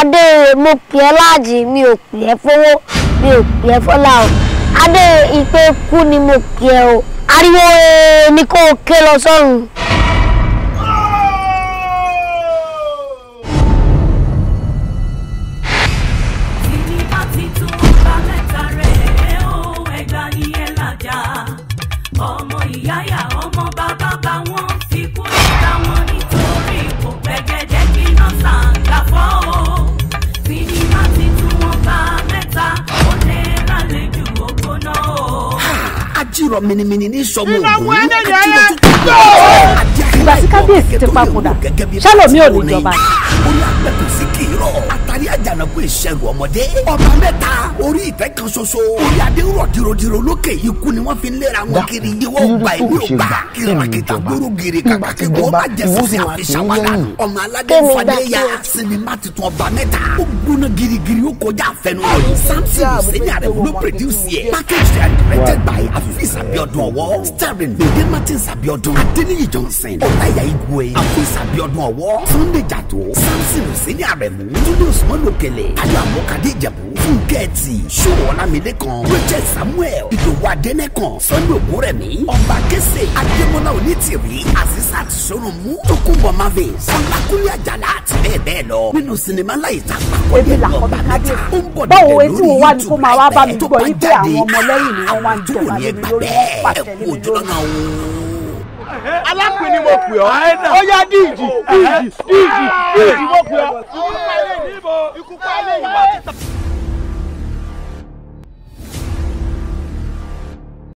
adéèrè mo pè ẹ́ láàjì mi ò pè ẹ́ fowó mi ò pè ẹ́ fọ́lá o adéèrè ìpè kú ni mo pè ẹ́ o ariwo ni kò ké lọ sọ́run. ọmọ. sì rọ mìnìmìnì ní sọmọ ògùn ní kàtúntò tó tó. ìgbà tí kábíyèsí ti papòdà ṣálòmí ò ní jọba orí àjànàkú ìṣẹ̀rù ọmọdé ọba mẹ́ta orí ìtẹ́ kan ṣoṣo orí adé rọ̀ dirodiro lókè ikú ni wọ́n fi ń léra wọn kiri ìwọ ọgbà ìwé ọgbà kìrìkìtà gbóró gèrè kàkàkì kò má jẹsẹ sí àfiṣàwádà ọmọ aládé fadéya sinimá titun ọba mẹ́ta ó gbóná girigiri ó kọjá àfẹnú rẹ samson senior ló produce yẹ package rẹ directed by afis abiodun ọwọ starring gbèdé martins abiodun johnson ọláyà igwe afis abiodun ọwọ sunday jato samson senior rẹ mú mọ́lòkẹlẹ̀ ayọ̀ àmọ́kadé ìjàbù fúnkẹ́ẹ̀tì ṣòwò ọ̀làmílẹ́kan richard samuel ìdòwò adẹ́nẹ́kan sunday ògúnrẹ̀mí ọba kẹsẹ adémọ́lá onítìrí azizat sọ̀rọ̀mù tókùnbọ̀ marvins ọlákúnlé àjàlá àti bẹ́ẹ̀ bẹ́ẹ̀ lọ nínú sinimá láyé tàpá kọ́lé ni mo pè ọ́ ó yá díìdì díìdì díìdì díìdì mo pè ọ́ kú pa lẹ́yìn.